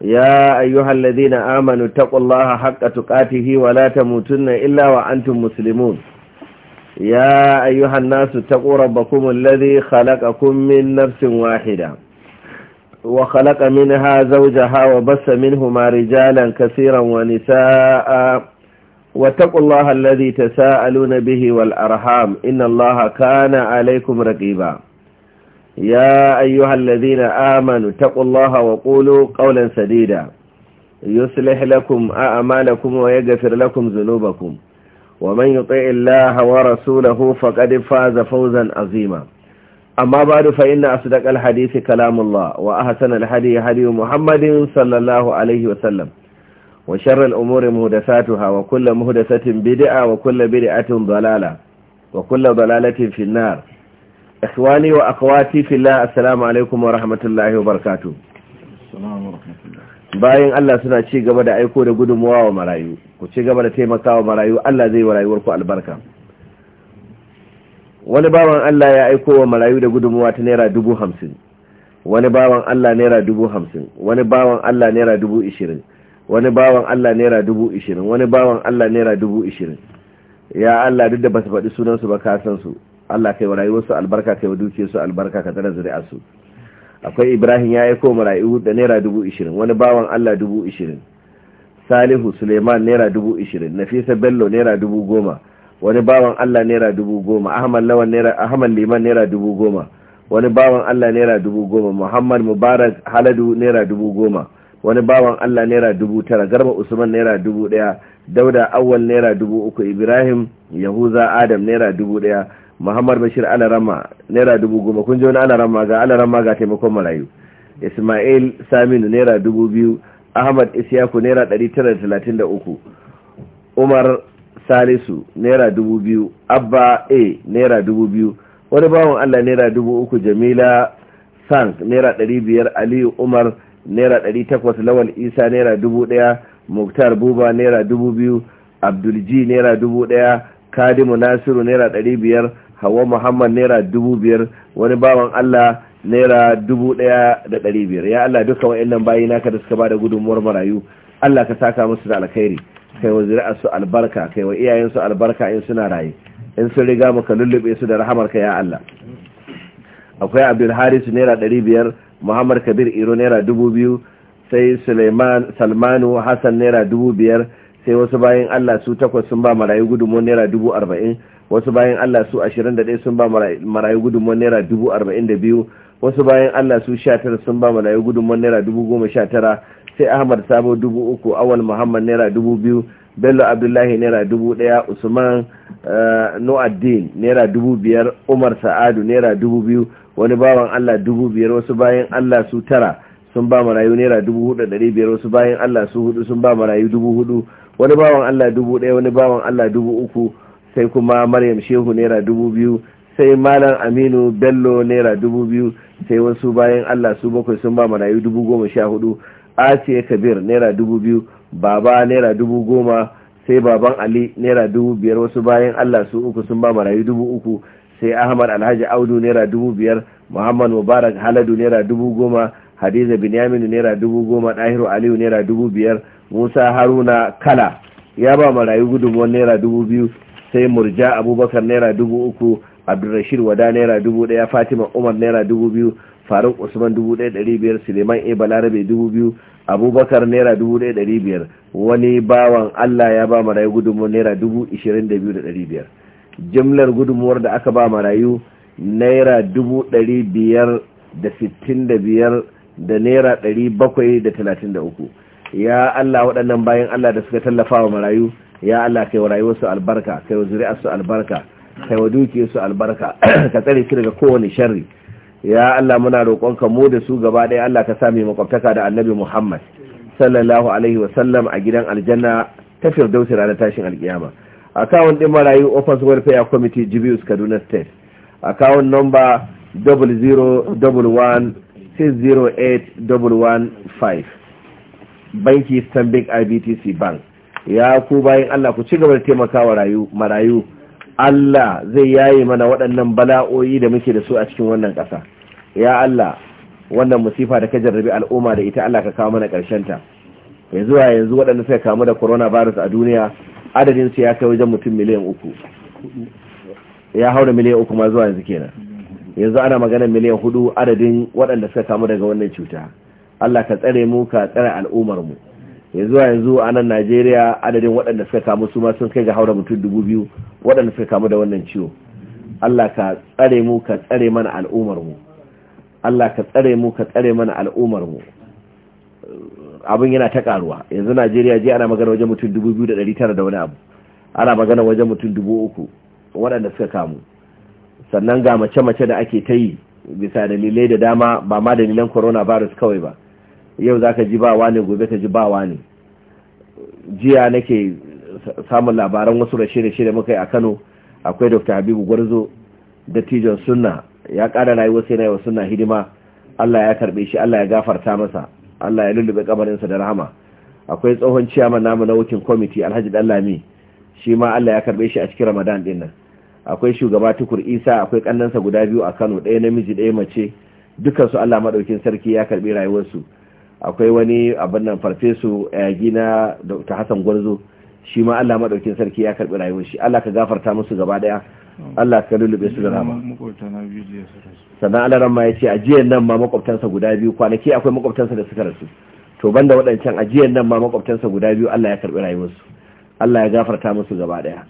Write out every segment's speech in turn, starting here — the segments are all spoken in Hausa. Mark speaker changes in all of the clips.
Speaker 1: ya ayyuhal ladina amanu taqullaha haqqa tuqatihi ta la tamutunna illa wa antum muslimun ya ayyuhan nasu taqu rabbakum alladhi khalaqakum min nafsin wahida wa khalaqa minha zawjaha wa bassa minhumā rijālan katīran wa nisā'a wa taqullaha alladhi tasā'alūna bihi wal arham innallaha kāna 'alaykum raqībā يا أيها الذين آمنوا اتقوا الله وقولوا قولا سديدا يصلح لكم أعمالكم ويغفر لكم ذنوبكم ومن يطع الله ورسوله فقد فاز فوزا عظيما أما بعد فإن أصدق الحديث كلام الله وأحسن الحديث حديث محمد صلى الله عليه وسلم وشر الأمور مهدساتها وكل مهدسة بدعة وكل بدعة ضلالة وكل ضلالة في النار في الله السلام عليكم assalamu الله wa السلام wa الله bayan Allah suna ci gaba da aiko da gudunmuwa wa marayu ku ci gaba da taimakawa marayu Allah zai wa rayuwar ku albarka wani bawan Allah ya aiko wa marayu da gudunmuwa ta naira dubu hamsin wani bawan Allah naira dubu hamsin wani bawan Allah naira dubu ishirin wani bawan Allah naira dubu ishirin wani bawan Allah naira dubu ishirin ya Allah duk da basu faɗi sunansu ba ka san su Allah kai wa rayuwarsu albarka kai wa dukiyarsu albarka ka tara zuri'arsu akwai Ibrahim ya aiko marayu da naira dubu ishirin wani bawan Allah dubu ishirin Salihu Suleiman naira dubu ishirin Nafisa Bello naira dubu goma wani bawan Allah naira dubu goma Ahmad Lawan naira Ahmad Liman naira dubu goma wani bawan Allah naira dubu goma Muhammad Mubarak Haladu naira dubu goma wani bawan Allah naira dubu tara garba Usman naira dubu daya Dauda Awwal naira dubu uku Ibrahim Yahuza Adam naira dubu daya muhammad bashir alarama naira dubu goma kun ji wani alarama ga alarama ga taimakon marayu ismail saminu naira dubu biyu ahmad isyaku naira ɗari tara da talatin da uku umar salisu naira dubu biyu abba a naira dubu biyu wani bawan allah naira dubu uku jamila sank naira ɗari biyar aliyu umar naira ɗari takwas lawal isa naira dubu ɗaya muktar buba naira dubu biyu abdulji naira dubu ɗaya kadimu nasiru naira ɗari biyar hawa muhammad naira dubu biyar wani bawan allah naira dubu ɗaya da ɗari biyar ya allah duka wa'annan bayi naka da suka ba da gudunmuwar marayu allah ka saka musu da alkhairi kai wa zuri'arsu albarka kai wa iyayensu albarka in suna raye in sun riga maka lullube su da rahamarka ya allah akwai abdul harisu naira ɗari biyar muhammad kabir iro naira dubu biyu sai suleiman salmanu hassan naira dubu biyar sai wasu bayan allah su takwas sun ba marayu gudunmuwar naira dubu arba'in wasu bayan Allah su 21 sun ba marayu gudunmuwan naira 42 wasu bayan Allah su 19 sun ba marayu gudunmuwan naira 19 sai Ahmad Sabo 3000 Awal Muhammad naira 2000 Bello Abdullahi naira 1000 Usman eh, Noaddin naira 5000 Umar Sa'adu naira 2000 wani bawan Allah 5000 wasu bayan Allah su tara sun ba marayu naira 4500 wasu bayan Allah su hudu sun ba marayu 4000 wani bawan Allah 1000 wani bawan Allah 3000 sai kuma maryam shehu naira dubu biyu sai malam aminu bello naira dubu biyu sai wasu bayan allah su bakwai sun ba marayu dubu goma sha hudu asiya kabir naira dubu biyu baba naira dubu goma sai baban ali naira dubu biyar wasu bayan allah su uku sun ba marayu dubu uku sai ahmad alhaji audu naira dubu biyar muhammad mubarak haladu naira dubu goma hadiza binyamin naira dubu goma dahiru aliyu naira dubu biyar musa haruna kala ya ba marayu gudunmuwan naira dubu biyu sai murja abubakar naira dubu uku abdulrashid wada naira dubu daya fatima umar naira dubu biyu faruk usman dubu daya dari biyar suleiman a balarabe dubu biyu abubakar naira dubu daya dari biyar wani bawan allah ya ba marayu gudunmuwar naira dubu ishirin da biyu da dari biyar jimlar gudunmuwar da aka ba marayu naira dubu dari biyar da sittin da biyar da naira dari bakwai da talatin da uku ya allah waɗannan bayan allah da suka tallafa wa marayu ya Allah kai wa rayuwarsu albarka kai wa zuri'arsu albarka kai wa dukiyarsu albarka ka tsare su daga kowane sharri ya Allah muna roƙonka mu da su gaba ɗaya Allah ka sami makwabtaka da annabi Muhammad sallallahu alaihi wa sallam a gidan aljanna ta firdausi ranar tashin alkiyama akawun ɗin marayu office welfare committee jibius kaduna state akawun nomba 00116081115 banki stanbic ibtc bank ya ku bayan Allah ku ci gaba da taimakawa rayu marayu Allah zai yaye mana waɗannan bala'o'i da muke da su a cikin wannan ƙasa ya Allah wannan musifa da ka jarrabi al'umma da ita Allah ka kawo mana ƙarshen ta ya zuwa yanzu waɗanda suka kamu da coronavirus a duniya adadin su ya kai wajen mutum miliyan uku ya haura miliyan uku ma zuwa yanzu kenan yanzu ana magana miliyan hudu adadin waɗanda suka kamu daga wannan cuta Allah ka tsare mu ka tsare al'ummar mu yanzu a yanzu a nan najeriya adadin waɗanda suka kamu su ma sun kai ga haura mutum dubu biyu waɗanda suka kamu da wannan ciwo allah ka tsare mu ka tsare mana al'ummar mu allah ka tsare mu ka tsare mana al'ummar mu abin yana ta karuwa yanzu najeriya je ana magana wajen mutum dubu biyu da ɗari tara da wani abu ana magana wajen mutum dubu uku waɗanda suka kamu sannan ga mace-mace da ake ta yi bisa dalilai da dama ba ma dalilan coronavirus kawai ba yau za ka ji ba wani gobe ka ji ba wani jiya nake samun labaran wasu rashe-rashe da muka yi a kano akwai dr habibu gwarzo dattijon sunna ya kara rayuwarsa yi na yi wa sunna hidima allah ya karbe shi allah ya gafarta masa allah ya lullube kamarinsa da rahama akwai tsohon ciyaman namu na wukin kwamiti alhaji dallami shi ma allah ya karbe shi a cikin ramadan din nan akwai shugaba tukur isa akwai kannansa guda biyu a kano ɗaya namiji ɗaya mace dukansu allah maɗaukin sarki ya karbe rayuwarsu akwai wani abin nan farfesu eh, gina dr hassan gwarzo shi ma allah maɗaukin sarki ya karɓi rayuwar shi allah ka gafarta musu gaba ɗaya allah ka lullube su da rama sannan allah ma ya ce ajiyar nan ma makwabtansa guda biyu kwanaki akwai makwabtansa da suka rasu to banda waɗancan ajiyar nan ma makwabtansa guda biyu allah ya karɓi rayuwarsu allah ya gafarta musu gaba ɗaya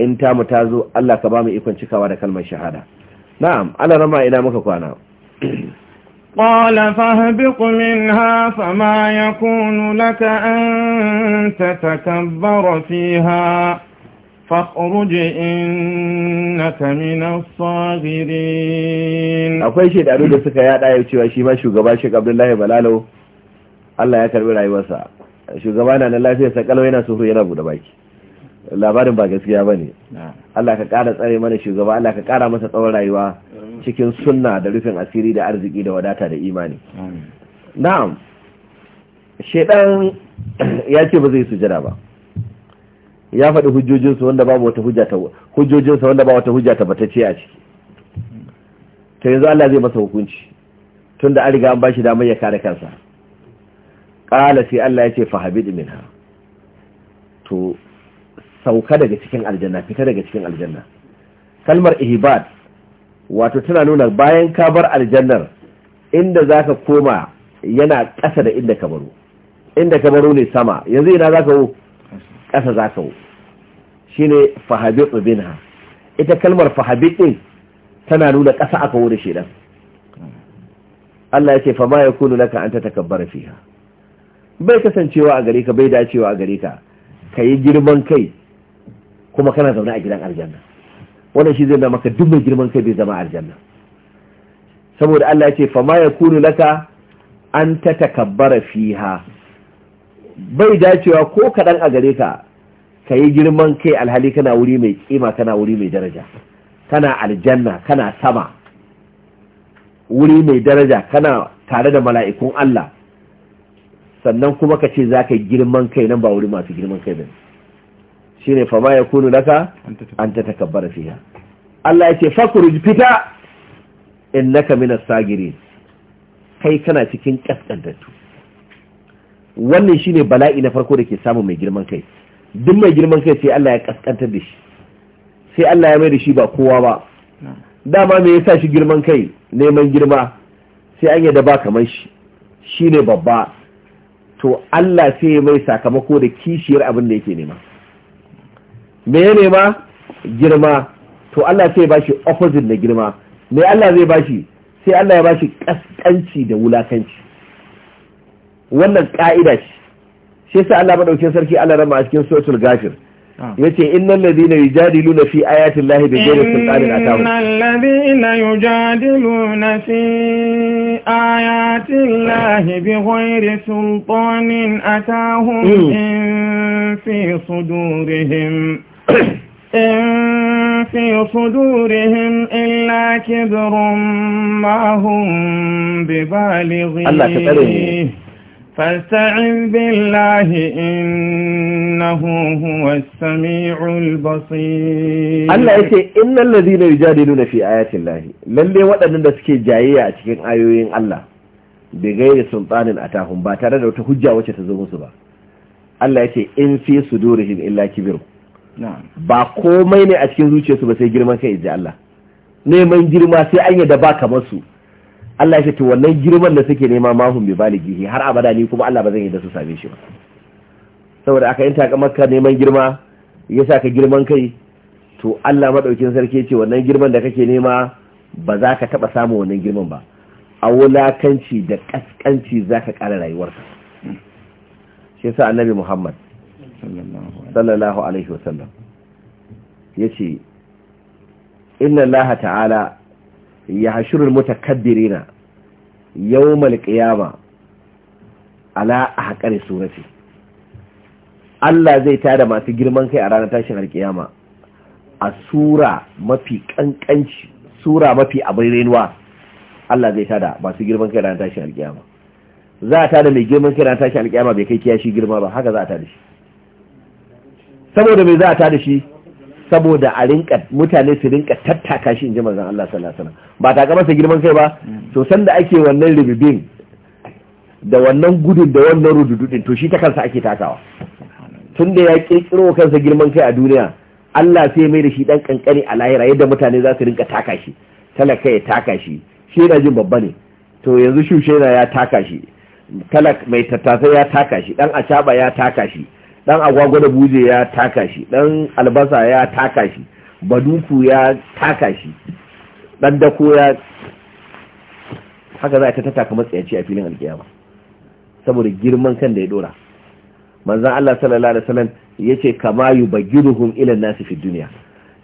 Speaker 1: in mu ta zo allah ka ba mu ikon cikawa da kalmar shahada na'am allah ma ina muka kwana
Speaker 2: قال فاهبط منها فما يكون لك أن تتكبر فيها فاخرج إنك من الصاغرين akwai shedaru da
Speaker 1: suka yada ya cewa shi ma shugaba Sheikh Abdullahi Balalo Allah ya karbi rayuwarsa shugaba na nan lafiyar sa kalwa yana suhu yana bude baki labarin ba gaskiya bane Allah ka kara tsare mana shugaba Allah ka kara masa tsawon rayuwa cikin sunna da rufin asiri da arziki da wadata da imani na'am shedan ya ce ba zai sujada ba ya faɗi hujjojinsu wanda babu wata hujja ta wanda ba wata ba ta a ciki Ta yanzu Allah zai masa hukunci tunda an riga an bashi damar ya kare kansa Ƙala sai Allah ya ce fa habid minha to sauka daga cikin aljanna fita daga cikin aljanna kalmar ihbad wato tana nuna bayan ka bar aljannar inda za ka koma yana ƙasa da inda ka baro inda ka baro ne sama yanzu ina za ka wo ƙasa za ka wo shi ne fahabitu Ha. ita kalmar fahabit ɗin tana nuna ƙasa aka wo da shi ɗan Allah ya ce fama ya kunu laka an ta takabbara fiha bai kasancewa a gare ka bai dacewa a gare ka ka yi girman kai kuma kana zaune a gidan aljanna wannan shi zai na maka duk mai girman kai bai zama aljanna saboda Allah ya ce fa ma yakunu laka an ta takabbara fiha bai dacewa ko kaɗan a gare ka ka girman kai alhali kana wuri mai kima kana wuri mai daraja kana aljanna kana sama wuri mai daraja kana tare da mala'ikun Allah sannan kuma ka ce za ka girman kai nan ba wuri masu girman kai ne. shine fa ma yakunu laka an takabbara fiha Allah yace fakhruj fita innaka mina sagirin kai kana cikin kaskantattu wannan shine bala'i na farko da ke samu mai girman kai duk mai girman kai sai Allah ya kaskantar da shi sai Allah ya mai da shi ba kowa ba dama me yasa shi girman kai neman girma sai an yadda ba kamar shi shine babba to Allah sai ya mai sakamako da kishiyar abin da yake nema me ya nema girma to Allah sai ya bashi opposite na girma me Allah zai bashi sai Allah ya bashi kaskanci da wulakanci wannan ka'ida ce shi sa Allah madaukakin sarki Allah rama a cikin suratul ghafir ah. yace innal ladina yujadiluna fi ayati llahi ghayri sultanin atahum innal
Speaker 2: ladina yujadiluna fi ayati llahi ghayri sultanin atahum in fi sudurihim إن في صدورهم إلا كبر ما هم ببالغيه فاستعذ بالله إنه هو السميع البصير الله يقول
Speaker 1: إن الذين يجادلون في آيات الله للي وأن نسك جاية أتكين آيوين الله بغير سلطان أتاهم لو تخجى وشتزوم سبا الله يقول إن في صدورهم إلا كبرهم
Speaker 3: ba
Speaker 1: komai ne a cikin zuciyarsu ba sai girman kai inji Allah neman girma sai an yadda ba kamar su Allah ya ce to wannan girman da suke nema ma mahun bi balighi har abada ni kuma Allah ba zan yadda su same shi ba saboda aka yin maka neman girma yasa ka girman kai to Allah madaukin sarki ce wannan girman da kake nema ba za ka taba samu wannan girman ba a wulakanci da kaskanci za ka kara rayuwarka shi yasa annabi Muhammad sallallahu alaihi wasallam ya ce inna Allah ta'ala ya hashirul mutakabbirina yawmal qiyama ala ahqari surati Allah zai tada masu girman kai a ranar tashin alƙiyama a sura mafi kankanci sura mafi abirinwa Allah zai tada masu girman kai a ranar tashin alƙiyama za a tada mai girman kai a ranar tashin alƙiyama bai kai kiyashi girma ba haka za a tada shi saboda mai za a tada shi saboda a rinka mutane su rinka tattaka shi in ji mazan Allah sallallahu alaihi wasallam ba ta ga masa girman kai ba to da ake wannan ribibin da wannan gudun da wannan rudududin to shi ta kansa ake takawa tun da ya kirkiro kansa girman kai a duniya Allah sai mai da shi dan kankani a lahira yadda mutane za su rinka taka shi talaka ya taka shi shi yana jin babba ne to yanzu na ya taka shi talak mai tattasai ya taka shi dan acaba ya taka shi Ɗan agwagwa da buje ya taka shi dan albasa ya taka shi baduku ya taka shi dan dako ya haka za a ta taka matsayaci a filin alkiyama saboda girman kan da ya dora manzon Allah sallallahu alaihi wasallam yace kama yubagiruhum ilan nasi fi duniya.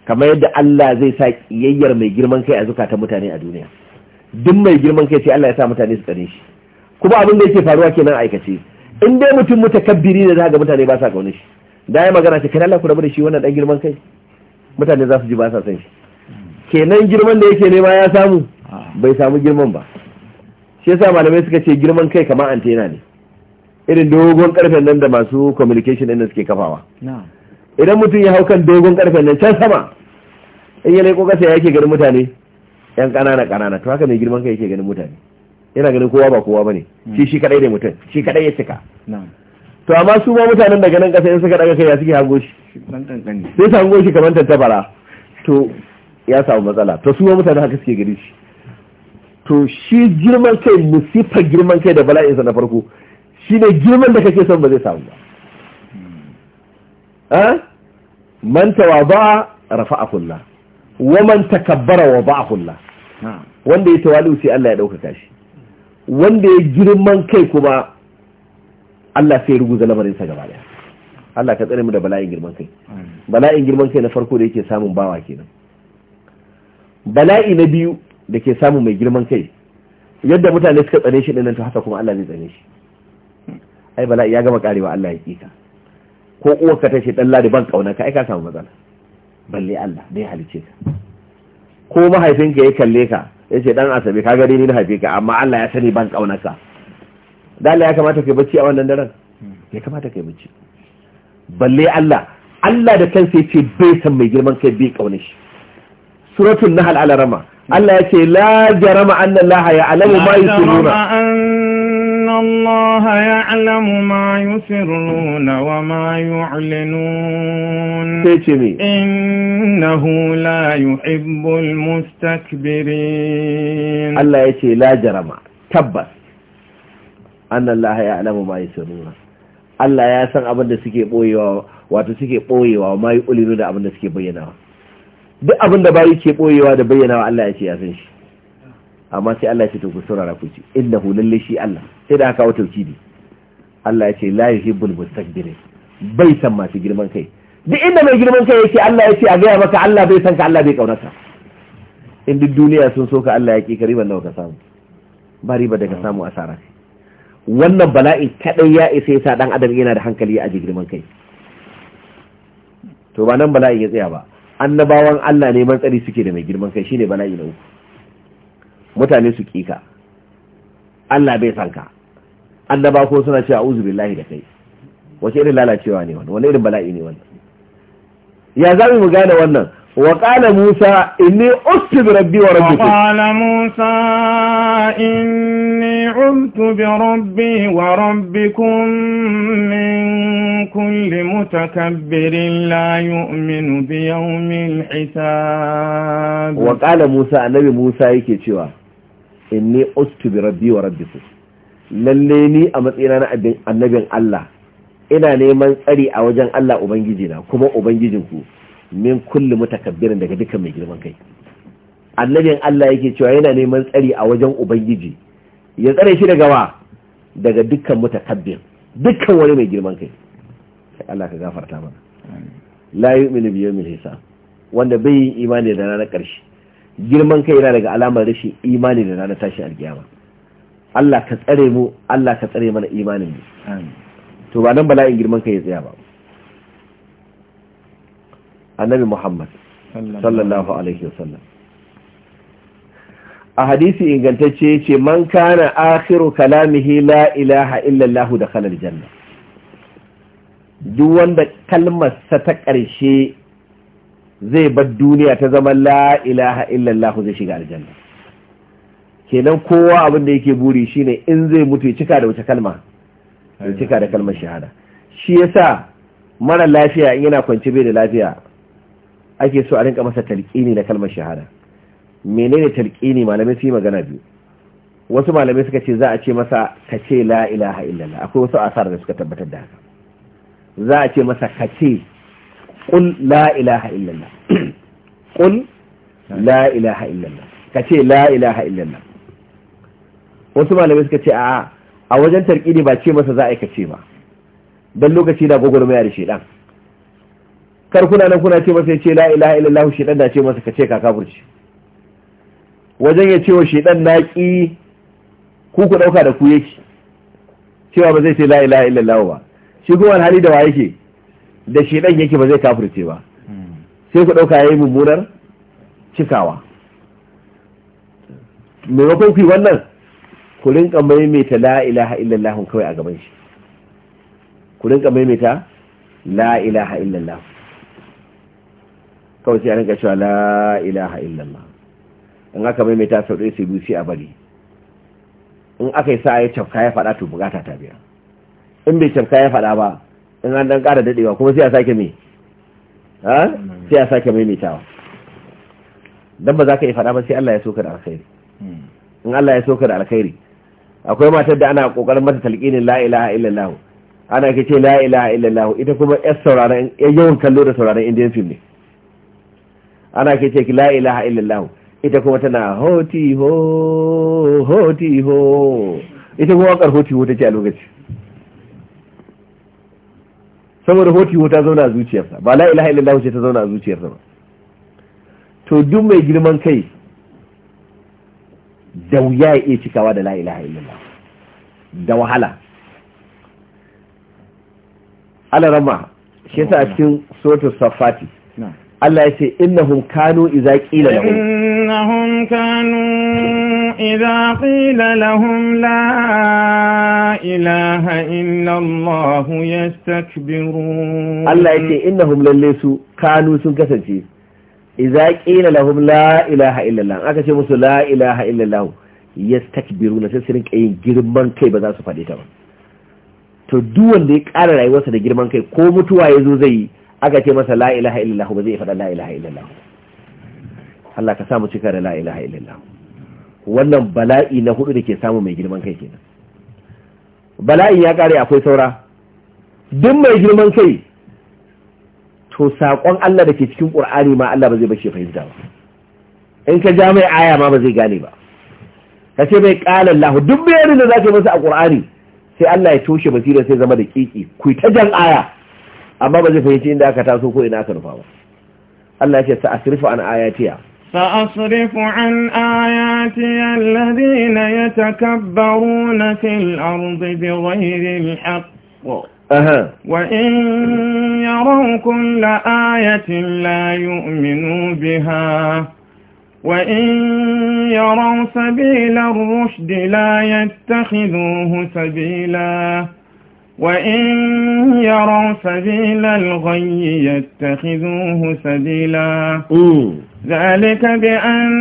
Speaker 1: kamar yadda Allah zai sa kiyayyar mai girman kai a zukatan mutane a duniya duk mai girman kai sai Allah ya sa mutane su tsare shi kuma abin da yake faruwa kenan aikace in dai mutum mutakabbiri ne za ga mutane ba sa kaunin shi da ya magana ce kai Allah ku rabu da shi wannan dan girman kai mutane za su ji ba sa san shi kenan girman da yake nema ya samu bai samu girman ba shi yasa malamai suka ce girman kai kamar antena ne irin dogon karfen nan da masu communication din suke kafawa idan mutum ya hau kan dogon karfen nan can sama in ya leko kasa yake ganin mutane yan kanana kanana to haka mai girman kai yake ganin mutane yana ganin kowa ba kowa bane hmm. shi shi kadai ne mutum shi kadai ya cika to amma su ma mutanen daga nan kasa in suka daga kai ya suke hango shi
Speaker 3: sai
Speaker 1: su hango shi kamar tantabara to ya samu matsala to su ma mutanen haka suke gari shi to shi girman kai musifar girman kai da bala'insa na farko shi ne girman da kake son ba zai samu ba hmm. ah? man tawaba rafa'a kullah wa man takabbara wa ba'a kullah wanda ya tawali'u sai Allah ya ɗaukaka shi wanda ya girman kai kuma Allah sai ruguza lamarinsa gaba daya Allah ka tsare mu da bala'in girman kai bala'in girman kai na farko da yake samun bawa kenan bala'i na biyu da ke samun mai girman kai yadda mutane suka tsare shi dinnan to haka kuma Allah zai tsare shi ai bala'i ya gama karewa Allah ya kika ko uwar ka ce dan ladiban kauna ka ai ka samu matsala balle Allah dai halice ka ko mahaifinka ya kalle ka ya ce dan asabe ka gari ni na haife ka amma Allah ya sani ban kaunarsa dala ya kamata kai bacci a wannan daren ya kamata kai bacci balle Allah Allah da kansa ya ce bai san mai girman kai bai kaune shi suratul nahl al-rama Allah ya ce la jarama anna Allah ya alamu ma yusiruna
Speaker 2: الله يعلم ما يسرون وما يعلنون إنه لا يحب المستكبرين الله
Speaker 1: يتي لا جرم تبس أن الله يعلم ما يسرون Allah ya san abin da suke boyewa wato suke boyewa ma yi ulinu da abin da suke bayyanawa duk abin da ba yi ke boyewa da bayyanawa Allah ya ce ya san shi amma sai Allah ya ce to ku saurara ku ce innahu lalle shi Allah sai da aka kawo tauhidi Allah ya ce la yuhibbul mustakbirin bai san masu girman kai duk inda mai girman kai yake Allah ya ce a gaya maka Allah bai san ka Allah bai kaunarka in duk duniya sun so ka Allah ya ki ka nawa ka samu ba riba da ka samu asara wannan bala'i kadai ya isa yasa dan adam yana da hankali a girman kai to ba nan bala'i ya tsaya ba annabawan Allah ne tsari suke da mai girman kai shine bala'i na uku mutane su kika Allah bai san ka annaba ko suna cewa a'udhu billahi da kai wace irin lalacewa ne wannan
Speaker 2: wani irin bala'i ne wannan ya za mu gane wannan wa qala musa inni ustu bi rabbi wa wa qala musa inni ustu bi rabbi wa rabbikum min kulli mutakabbirin la yu'minu bi yawmil hisab wa qala
Speaker 1: musa annabi musa yake cewa inni ustu bi rabbi wa rabbikum lalle ni a matsayina na annabin Allah ina neman tsari a wajen Allah ubangiji na kuma ubangijinku min kulli mutakabbirin daga dukkan mai girman kai annabin Allah yake cewa yana neman tsari a wajen ubangiji ya tsare shi daga wa daga dukkan mutakabbir dukkan wani mai girman kai sai Allah ka gafarta mana la yu'minu bi yawmil hisab wanda bai yi imani da ranar karshe girman kai yana daga alamar rashin imani da ranar tashi alkiyama Allah ka tsare mu Allah ka tsare mana imanin mu to ba nan bala'in girman kai ya tsaya ba annabi Muhammad
Speaker 3: sallallahu
Speaker 1: alaihi wasallam a hadisi ingantacce ce man kana akhiru kalamihi la ilaha illallahu da khalar janna duk wanda kalmar sa ta karshe zai bar duniya ta zama la ilaha illallahu zai shiga aljanna kenan kowa abin da yake buri shine in zai mutu ya cika da wata kalma ya cika da kalmar shahada shi yasa mara lafiya in yana kwance bai da lafiya ake so a rinka masa talqini da kalmar shahada menene talqini malamai su yi magana biyu wasu malamai suka ce za a ce masa ka ce la ilaha illallah akwai wasu asar da suka tabbatar da haka za a ce masa ka ce qul la ilaha illallah qul la ilaha illallah ka ce la ilaha illallah wasu malamai suka ce a a wajen tarkini ba ce masa za a aikace ba Don lokaci na mai da shedan kar kuna nan kuna ce masa ya ce la ilaha illallah shedan da ce masa ka ce ka burci. wajen ya ce wa shedan na ki ku ku dauka da ku yake cewa ba zai ce la'ila ilaha ba shi kuma hali da wa yake da shedan yake ba zai kafurce ba sai ku dauka yayi mummunar cikawa maimakon ku wannan ku rinka maimaita la ilaha illallah kawai a gaban shi ku rinka maimaita la ilaha illallah kawai sai a rinka cewa la ilaha illallah in aka maimaita sau ɗaya sai busi a bari in aka yi sa ya cafka ya faɗa to bukata ta biya in bai cafka ya faɗa ba in an dan ƙara daɗewa kuma sai a sake mai ha sai a sake maimaitawa dan ba za ka yi faɗa ba sai Allah ya so ka da alkhairi hmm. in Allah ya so ka da alkhairi akwai matar da ana kokarin mata talqinin la ilaha illallah ana ke ce la ilaha illallah ita kuma yar sauraron yawan kallo da sauraron indian film ne ana ke ce ki la ilaha illallah ita kuma tana hoti ho hoti ho ita kuma wakar hoti ho take a lokaci saboda hoti ho ta zauna a zuciyarsa ba la ilaha illallah ce ta zauna a zuciyarsa ba to duk mai girman kai da wuya ya iya cikawa da la ilaha illallah da wahala alarama shi yasa a cikin suratul safati Allah ya ce innahum kanu idza qila lahum
Speaker 2: innahum kanu idza qila lahum la ilaha illa Allah yastakbirun Allah ya ce innahum
Speaker 1: lalle su kanu sun kasance
Speaker 2: iza qila lahum
Speaker 1: la ilaha illallah aka ce musu la ilaha illallah yastakbiruna sai su rinka yin girman kai ba za su faɗi ta ba to duk wanda ya ƙara rayuwarsa da girman kai ko mutuwa ya zo zai aka ce masa la ilaha illallah ba zai faɗa la ilaha illallah Allah ka samu cika da la ilaha illallah wannan bala'i na hudu da ke samu mai girman kai kenan bala'in ya kare akwai saura duk mai girman kai to saƙon Allah da ke cikin ƙur'ani ma Allah ba zai bace fahimta ba in ka ja mai aya ma ba zai gane ba ka ce mai ƙalan lahu duk bayanin da za ka masa a ƙur'ani sai Allah ya toshe basira sai zama da ƙiƙi ku ta jan aya amma ba zai fahimci inda aka taso ko ina aka nufa ba Allah ya ce sa'asrifu an ayatiya
Speaker 2: سأصرف عن آياتي الذين يتكبرون في الأرض بغير الحق أها وإن يروا كل آية لا يؤمنوا بها وإن يروا سبيل الرشد لا يتخذوه سبيلا وإن يروا سبيل الغي يتخذوه سبيلا ذلك بأن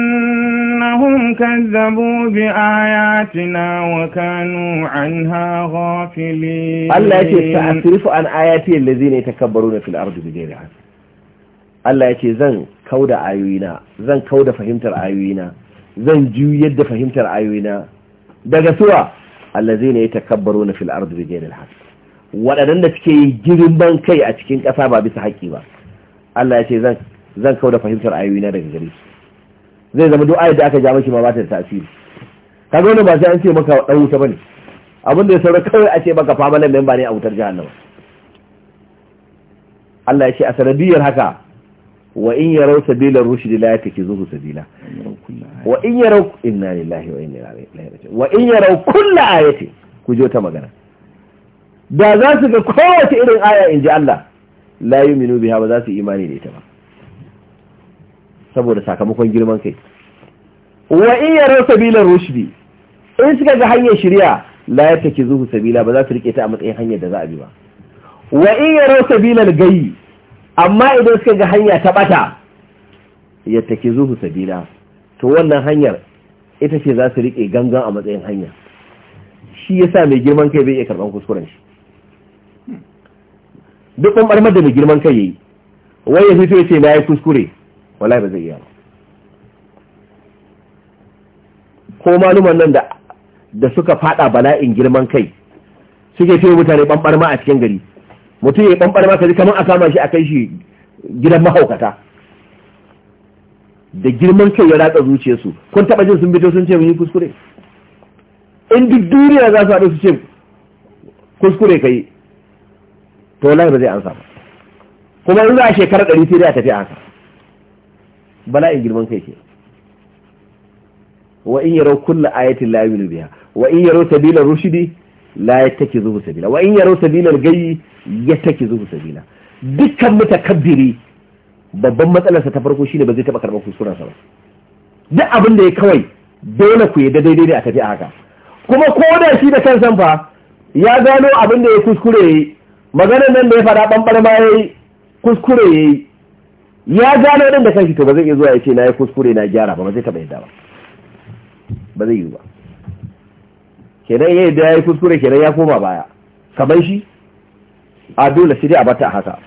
Speaker 2: أنهم كذبوا بآياتنا وكانوا عنها غافلين الله يتي سأصرف
Speaker 1: عن آياتي الذين يتكبرون في الأرض بغير حق الله يتي زن كود آيوينا زن كود فهمتر آيوينا زن جو يد فهمتر آيوينا daga suwa allazi ne ya takabbaru na fil ardu bighairi alhaq waɗannan da suke girin ban kai a cikin ƙasa ba bisa haƙi ba Allah ya ce zan kauda fahimtar ayoyina daga gari. zai zama duk ayat da aka ja mashi ma ba ta tasiri kaga wannan ba sai an ce maka dan wuta bane abin da ya saura kawai a ce maka nan ba ne a wutar jahannama Allah ya ce a sanadiyar haka wa in yarau sabila rushdi la yatakizuhu sabila wa in yarau inna lillahi wa inna ilaihi raji'un wa in yaraw kullu ayati ku jo ta magana da za su ga kowace irin aya in ji Allah la yuminu biha ba za su imani da ita ba saboda sakamakon girman kai wa in yaro sabilar rushdi in suka ga hanyar shirya la ya take zuhu sabila ba za su rike ta a matsayin hanyar da za a bi ba wa in yaro sabilar gayi amma idan suka ga hanya ta bata ya take zuhu sabila to wannan hanyar ita ce za su rike gangan a matsayin hanya shi ya sa mai girman kai bai iya karban kuskuren shi duk ɓanɓarmar da mai girman kai yayi wai ya fito ya ce na yi kuskure wallahi ba zai iya ko maluman nan da da suka fada bala'in girman kai suke fiye mutane ma a cikin gari mutum ya ma kaji kamar a kama shi a kai shi gidan mahaukata da girman kai ya ratsa zuciyarsu kun taba jin sun fito sun ce mun yi kuskure in duk duniya za su haɗu su ce kuskure ka yi to wallahi ba zai ansa ba kuma in za a shekara ɗari sai dai a tafi a haka bala'i girman kai ke wa in yaro kulla ayatin la yu'minu biha wa in yaro sabila rushidi la yattakizuhu sabila wa in yaro sabila gayyi yattakizuhu sabila dukkan mutakabbiri babban matsalarsa ta farko shine ba zai taba karɓar kuskurensa ba duk abin da ya kawai dole ku yadda daidai ne a tafi a haka kuma ko da shi da kansa fa ya gano abin da ya kuskure yayi maganar nan da ya faɗa ɓanɓar ma yayi kuskure yayi ya gano ɗin da kanshi to ba zai iya zuwa ya ce na yi kuskure na gyara ba ba zai taɓa yadda ba ba zai yi ba kenan ya yadda ya yi kuskure kenan ya koma baya kamar shi a dole sai dai a bata haka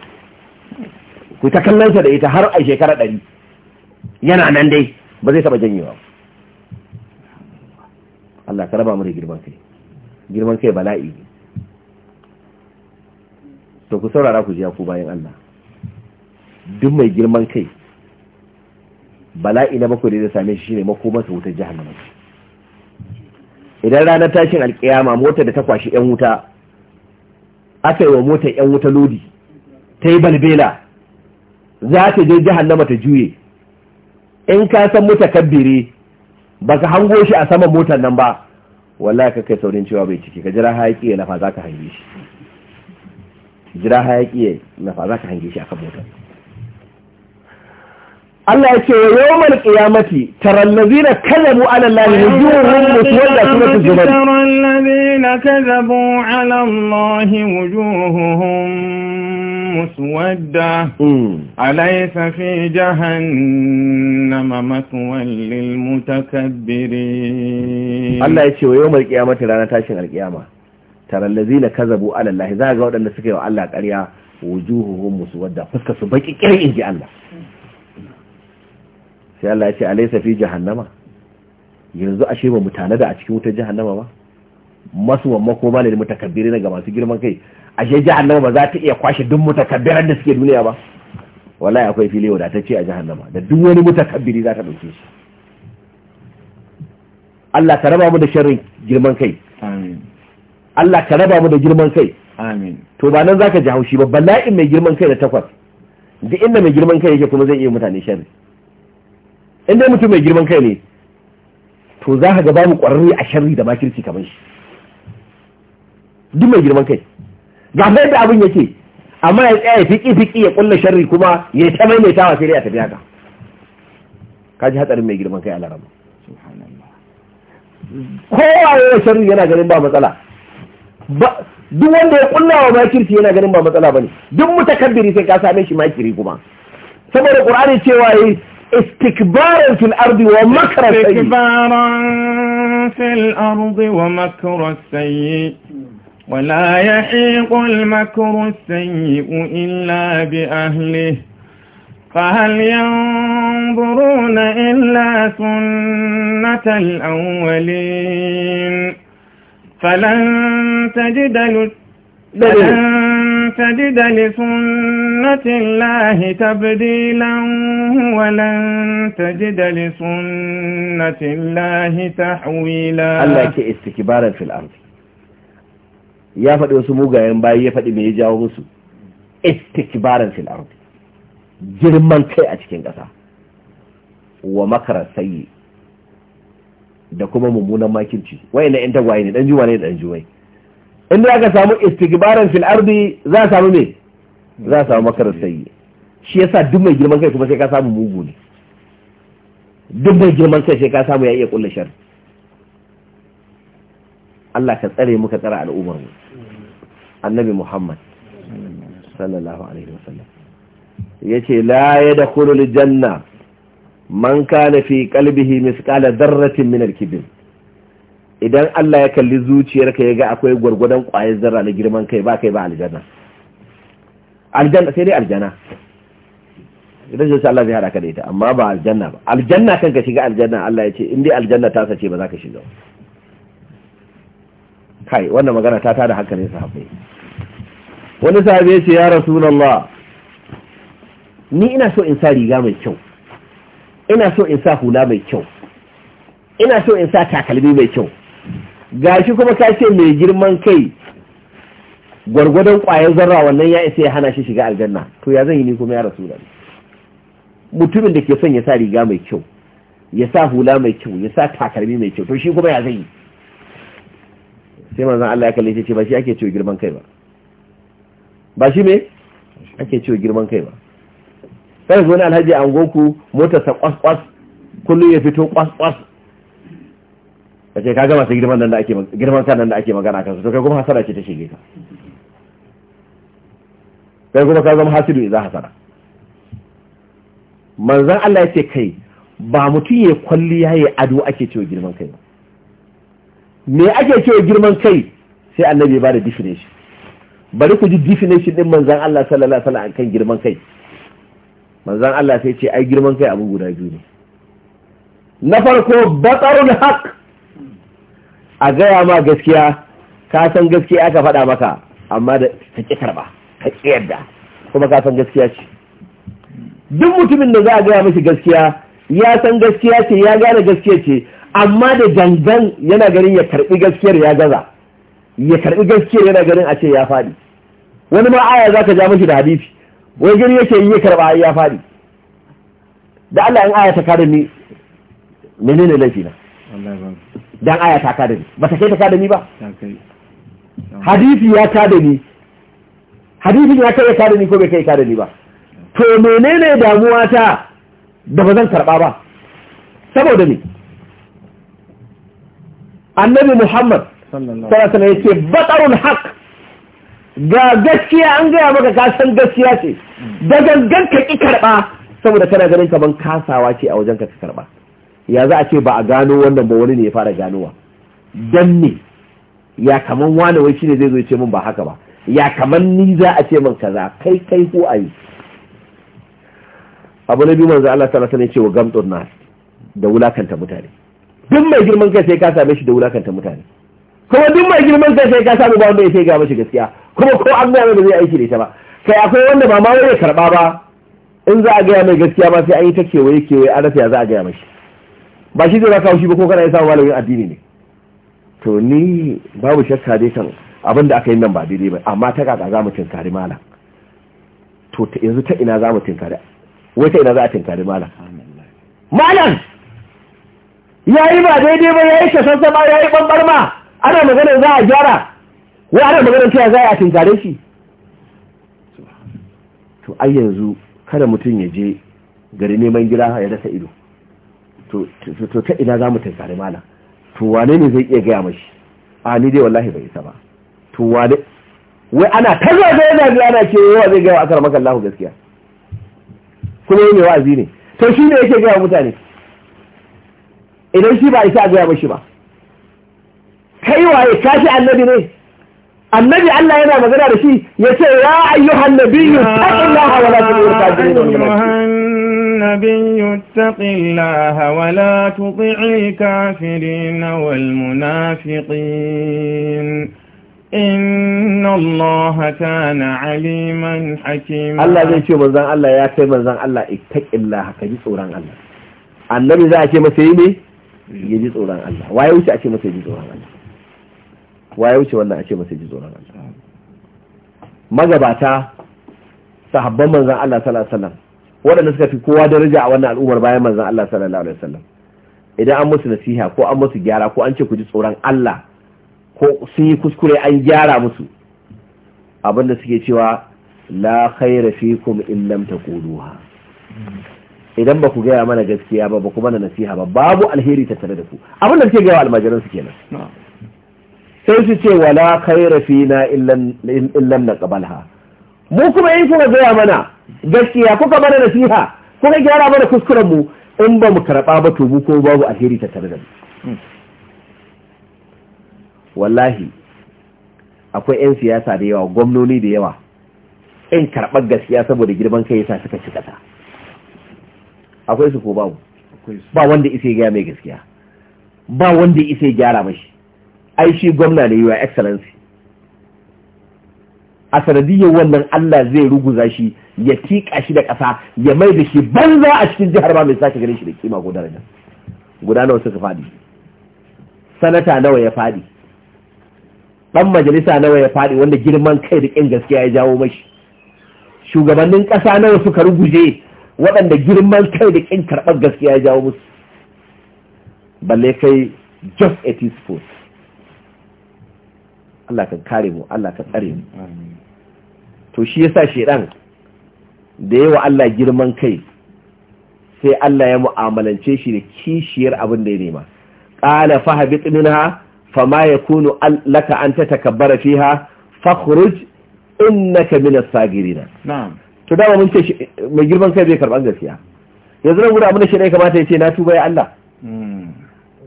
Speaker 1: ku ta kallon da ita har a shekara ɗari yana nan dai ba zai taɓa janyewa Allah ka raba mu da girman kai girman kai bala'i ne to ku saurara ku ji ku bayan Allah duk mai girman kai bala'i na bakwai da zai same shi shine makomarsa wutar jahannama idan ranar tashin alkiyama motar da ta kwashi yan wuta aka yi wa motar yan wuta lodi ta yi balbela za ta je jahannama ta juye in ka san ba baka hango shi a saman motar nan ba wallahi ka kai saurin cewa bai ciki ka jira hayaki ya lafa za ka hange shi jira hayaki ya lafa za ka hange shi akan motar
Speaker 3: Allah ya ce wa yawmal
Speaker 1: qiyamati
Speaker 2: taral ladina kadabu ala Allahi wujuhum muswadda sunatu zubur taral ladina kadabu ala wujuhuhum muswadda alaysa fi jahannama maswan lil mutakabbirin Allah ya ce
Speaker 1: wa yawmal qiyamati ranar tashin alqiyama taral ladina kadabu ala Allahi za ga waɗanda suka yi wa Allah ƙarya wujuhuhum muswadda fuskar su baki kirin inji Allah sai Allah ya ce alaysa fi jahannama yanzu ashe ba mutane da a cikin wutar jahannama ba masu wamma ko ba ne da mutakabbiri na ga masu girman kai ashe jahannama ba za ta iya kwashe duk mutakabbiran da suke duniya ba wallahi akwai fili wadatacce a jahannama da duk wani mutakabbiri za ta dauke shi Allah ka raba mu da sharrin girman kai amin Allah ka raba mu da girman kai amin to ba nan zaka ji haushi ba bala'in mai girman kai da takwas duk inda mai girman kai yake kuma zai iya mutane sharri in dai mutum mai girman kai ne to za ka gaba mu ƙwararre a sharri da makirci kamar shi duk mai girman kai ga ga da abin yake amma ya tsaya ya fiki fiki ya kulla sharri kuma ya ta maimaitawa sai ya a tafi haka ka ji hatsarin mai girman kai a larama kowa ya sharri yana ganin ba matsala duk wanda ya kulla wa makirci yana ganin ba matsala bane duk mutakabbiri sai ka same shi makiri kuma
Speaker 2: saboda qur'ani cewa yi استكبارا في الأرض ومكر السيء استكبارا في الأرض ومكر السيء ولا يحيق المكر السيء إلا بأهله فهل ينظرون إلا سنة الأولين فلن تجد تجد لسنة الله تبديلا ولن تجد لسنة الله تحويلا الله يكي
Speaker 1: استكبارا في الأرض ya faɗi wasu mugayen baya ya faɗi mai ya jawo musu istikbaran fil girman kai a cikin ƙasa wa makarar sayi da kuma mummunan makirci 'yan tagwaye ne ɗan juwa ne ɗan juwai inda aka samu istigbaran fil ardi za a samu mai za a samu makarar sayyi shi yasa duk mai girman kai kuma sai ka samu mugu ne duk mai girman kai sai ka samu ya iya kulla shar Allah ka tsare muka tsara al'ummar mu annabi Muhammad sallallahu alaihi wasallam yace la yadkhulul janna man kana fi qalbihi misqala dharratin min al-kibr idan Allah ya kalli zuciyarka ya ga akwai gwargwadon ƙwayar zarra na girman kai ba kai ba aljanna aljanna sai dai aljanna idan jinsu Allah zai haɗa ka da ita amma ba aljanna ba aljanna kan ka shiga aljanna Allah ya ce in dai aljanna ta sace ba za ka shiga kai wannan magana ta tada hankalin sahabbai wani sahabi ya ce ya rasulullah ni ina so in sa riga mai kyau ina so in sa hula mai kyau ina so in sa takalmi mai kyau gashi kuma ka ce mai girman kai gwargwadon ƙwayar zarra wannan ya isa ya hana shi shiga aljanna to ya zan yi ni kuma ya rasu da mutumin da ke son ya sa riga mai kyau ya sa hula mai kyau ya sa takalmi mai kyau to shi kuma ya zan yi sai mazan Allah ya kalle ce ba shi ake ciwo girman kai ba ba shi me ake ciwo girman kai ba sai zo wani alhaji a angoku motarsa kwas kwas kullum ya fito kwas kwas ce ka gama masu girman nan da ake girman kan da ake magana kansu to kai kuma hasara ce ta shige ka kai kuma ka zama hasidu idan hasara manzon Allah ya ce kai ba mutum ya kwalli ya yi ado ake cewa girman kai ba me ake cewa girman kai sai annabi ba da definition bari ku ji definition din manzon Allah sallallahu alaihi wasallam kan girman kai manzon Allah sai ce ai girman kai abu guda biyu ne na farko batarul haqq a gaya ma gaskiya ka san gaskiya aka faɗa maka amma da ta ƙi karɓa ka ƙi yadda kuma ka san gaskiya ce duk mutumin da za a gaya mashi gaskiya ya san gaskiya ce ya gane gaskiya ce amma da gangan yana ganin ya karɓi gaskiyar ya gaza ya karɓi gaskiyar yana ganin a ce ya faɗi wani ma aya za ka ja mashi da hadisi wai gani yake yi ya karɓa ya faɗi da Allah in aya ta kada ni menene laifina dan aya ta ka da ni ba ta kai ta ka da ni ba hadisi ya ka da ni hadisi ya kai ka da ni ko bai kai ka da ni ba to menene damuwa ta da ba zan karba ba saboda ni annabi muhammad sallallahu alaihi wasallam
Speaker 2: yake batarul haqq ga gaskiya an gaya maka ka san gaskiya ce da gangan ka ki karba
Speaker 1: saboda kana ganin ka ban kasawa ce a wajen ka ka karba ya za a ce ba a gano wannan ba wani ne ya fara ganowa dan ne ya kaman wani wai shi ne zai zo ya ce min ba haka ba ya kaman ni za a ce min kaza kai kai ko ayi abu na biyu manzo Allah ta alaihi ce wa gamtun nas da wulakanta mutane duk mai girman kai sai ka same shi da wulakanta mutane
Speaker 2: kuma duk mai girman
Speaker 1: kai sai ka samu ba wanda ya sai ga mashi gaskiya kuma ko an gaya mai zai aiki da ita ba kai akwai wanda ba ma wani ya karba ba in za a gaya mai gaskiya ba sai an yi ta kewaye kewaye an rasa ya za a gaya mashi ba shi zai za kawo shi ba ko kana isa malamin addini ne to ni babu shakka dai kan abin da aka yi nan ba daidai ba amma ta kaka za mu tinkari malam to yanzu ta ina za mu tinkari wai ta ina za a tinkari malam malam ya yi ba daidai ba ya yi kasassama ya yi ɓanɓarma ana maganar za a gyara wai ana maganar cewa za a tinkare shi to ai yanzu kada mutum ya je gari neman gida ya rasa ido to ta ina za mu tankari mala to wane ne zai iya gaya mashi a ni dai wallahi bai isa ba to wane wai ana ta zai yana da ana ce yawa zai gaya wa maka Allah gaskiya kuma yi ne wa'azi ne to shi ne yake gaya mutane idan shi ba isa a gaya mashi ba kai waye kashi annabi ne annabi Allah yana magana da shi ya ce ya ayyuhan nabiyyu taqillaha wa la
Speaker 2: النبي اتق الله ولا تطع الكافرين والمنافقين إن الله كان عليما حكيما الله زي
Speaker 1: شو منزان الله يا كي منزان الله اتق الله كجي سوران الله النبي زي أشي مسيبي يجي سوران الله وايوش أشي مسيجي سوران الله وايوش والله أشي مسيجي سوران الله magabata sahabban manzan Allah sallallahu alaihi wasallam waɗanda suka fi kowa daraja a wannan al'ummar bayan manzon Allah sallallahu alaihi wasallam idan an musu nasiha ko an musu gyara ko an ce ku ji tsoron Allah ko sun yi kuskure an gyara musu abinda suke cewa la khaira fikum in lam taquluha idan ba ku gaya mana gaskiya ba ba ku mana nasiha ba babu alheri tattare da ku Abinda suke gaya almajiran su kenan sai su ce wala khaira fina illan na qabalha mu kuma in kuma gaya mana gaskiya kuka mana nasiha kuka gyara mana kuskuren mu in ba mu karɓa ba tobu mu ko babu alheri tare da mu hmm. wallahi akwai 'yan siyasa da yawa gwamnoni da yawa 'yan karɓar gaskiya saboda girman kai yasa suka ci akwai su ko babu ba wanda isa ya gaya mai gaskiya ba wanda isa ya gyara mashi ai shi gwamna ne yiwa excellency a sanadiyar wannan Allah zai ruguza shi ya tiƙa shi da ƙasa ya mai da shi banza a cikin jihar ba mai sake ganin shi da kima ko daraja guda nawa suka faɗi sanata nawa ya faɗi ɗan majalisa nawa ya faɗi wanda girman kai da ƙin gaskiya ya jawo mashi shugabannin ƙasa nawa suka ruguje waɗanda girman kai da ƙin karɓar gaskiya ya jawo musu balle kai just a teaspoon Allah kan kare mu Allah kan tsare mu to shi yasa shedan da yawa Allah girman kai sai Allah ya mu'amalance shi da kishiyar abin da ya nema qala fahabit minha fama yakunu laka an tatakabbara fiha fakhruj innaka min as-sagirin na'am to dama mun ce mai girman kai bai karban gaskiya yanzu nan gudu abin da shedan kamata ya ce na tuba ya Allah hmm.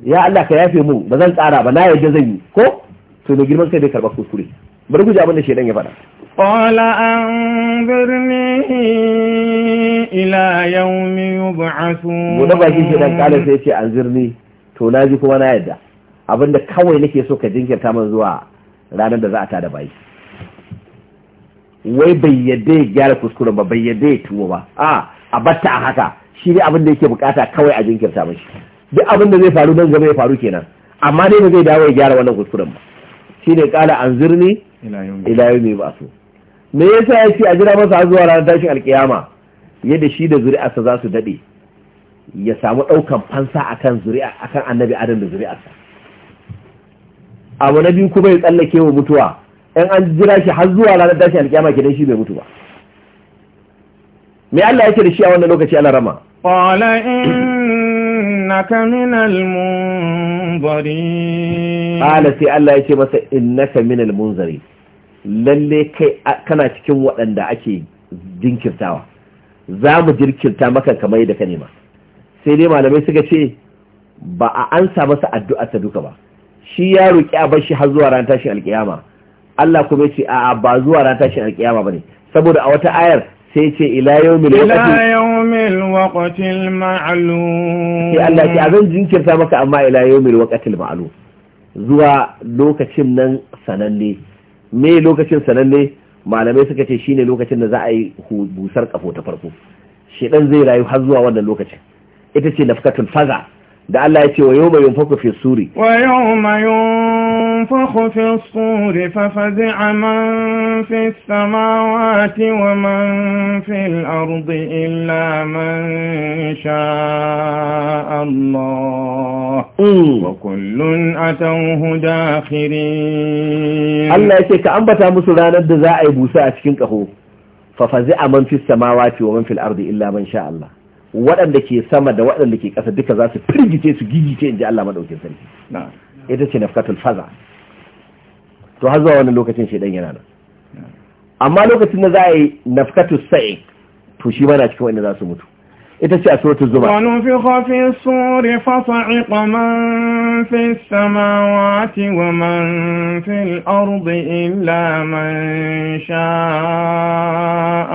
Speaker 1: ya Allah ka yafe mu ba zan tsara ba na yadda zan yi ko to mai girman kai bai karba kuskure bari guje abin da shedan ya faɗa
Speaker 2: قال أنظرني إلى يوم يبعثون ونبا جيجي لك على سيتي
Speaker 1: أنظرني تناجي كوانا يدى abinda kawai nake so ka jinkirta min zuwa ranar da za a tada bai wai bai yadda ya gyara kuskuren ba bai yadda ya tuwo ba a a batta a haka shi ne abin da yake bukata kawai a jinkirta shi. duk abin da zai faru nan gaba ya faru kenan amma dai ba zai dawo ya gyara wannan kuskuren ba shi ne kala an zirni ila yau mai ba so me yasa ce a jira masa zuwa ranar tashin alkiyama yadda shi da zuri'arsa za su daɗe ya samu ɗaukan fansa akan zuri'a annabi adam da zuri'arsa abu na biyu kuma ya tsallake wa mutuwa in an jira shi har zuwa ranar tashin alkiyama kidan shi bai mutu ba me Allah yake da shi a wannan lokaci Allah rama
Speaker 2: qala innaka minal munzari
Speaker 1: qala sai Allah yake masa innaka minal munzari lalle kai kana cikin waɗanda ake jinkirtawa za mu jirkirta maka kamar yadda ka nema sai dai malamai suka ce ba a ansa masa addu'a ta duka ba shi ya roƙi a bar shi har zuwa ran tashin alƙiyama Allah kuma ya ce a'a ba zuwa ran tashin alƙiyama bane saboda a wata ayar sai ce ila yawmil waqti ila
Speaker 2: yawmil waqtil ma'lum sai Allah ya zan
Speaker 1: jinkirta maka amma ila yawmil waqtil ma'lum zuwa lokacin nan sananne me lokacin sananne malamai suka ce shine lokacin da za a yi busar kafo ta farko shedan zai rayu har zuwa wannan lokacin ita ce nafkatul faza da Allah ya ce wa yau mai yunfaku fi suri
Speaker 2: wa yau mai fi suri fafazi a man fi samawati wa man fi al'ardi illa man sha Allah wa kullun atauhu dakhirin Allah ya
Speaker 1: ka ambata musu ranar da za a yi busa a cikin kaho fafazi a man fi samawati wa man fi al'ardi illa man sha Allah waɗanda ke sama da waɗanda ke ƙasa duka za su firgice su gigice in ji Allah maɗaukin sarki ita ce nafkatul faza to har zuwa wani lokacin shaidan yana nan amma lokacin da za a yi nafkatul sa'i to shi mana cikin wanda za su mutu ita ce a suratul zuma
Speaker 2: wani fi fi suri fa sa'iqa man fi samawati wa man fil ardi illa man sha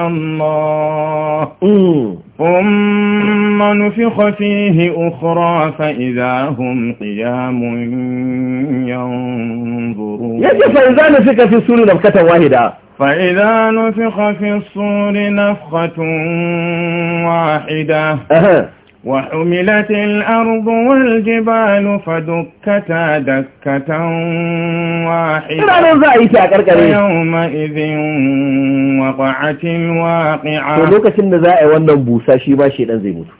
Speaker 2: Allah mm. ثم نفخ فيه أخرى فإذا هم قيام ينظرون يجب
Speaker 1: فإذا نفخ في السور نفخة واحدة
Speaker 2: فإذا نفخ في الصور نفخة واحدة أه. وحملت الأرض والجبال فدكتا دكة واحدة يومئذ وقعت الواقعة
Speaker 1: lokacin da za a yi wannan busa shi ba shi dan zai mutu